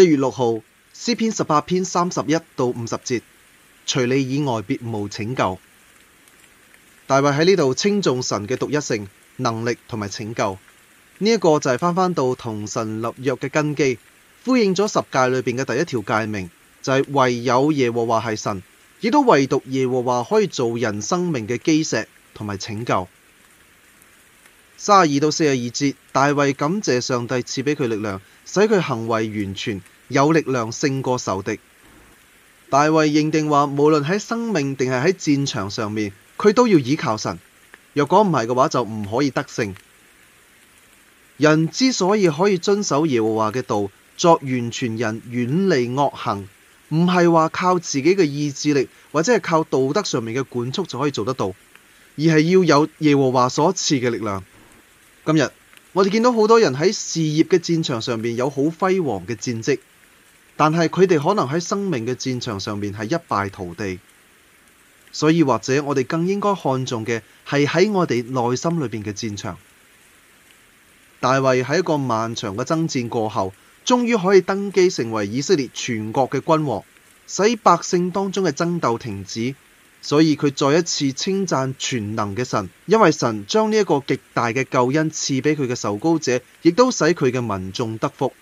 一月六號，詩篇十八篇三十一到五十節，除你以外別無拯救。大衛喺呢度稱頌神嘅獨一性、能力同埋拯救。呢、這、一個就係返返到同神立約嘅根基，呼應咗十誡裏邊嘅第一條誡命，就係、是、唯有耶和華係神，亦都唯獨耶和華可以做人生命嘅基石同埋拯救。三十二到四十二節，大衛感謝上帝賜畀佢力量，使佢行為完全，有力量勝過仇敵。大衛認定話，無論喺生命定係喺戰場上面，佢都要倚靠神。若果唔係嘅話，就唔可以得勝。人之所以可以遵守耶和華嘅道，作完全人，遠離惡行，唔係話靠自己嘅意志力，或者係靠道德上面嘅管束就可以做得到，而係要有耶和華所賜嘅力量。今日我哋見到好多人喺事業嘅戰場上面有好輝煌嘅戰績，但係佢哋可能喺生命嘅戰場上面係一敗塗地，所以或者我哋更應該看重嘅係喺我哋內心裏邊嘅戰場。大衛喺一個漫長嘅爭戰過後，終於可以登基成為以色列全國嘅君王，使百姓當中嘅爭鬥停止。所以佢再一次稱讚全能嘅神，因為神將呢一個極大嘅救恩賜畀佢嘅受膏者，亦都使佢嘅民眾得福。